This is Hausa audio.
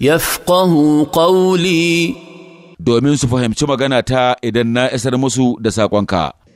yafqahu qawli domin su fahimci magana ta idan na isar musu da saƙonka.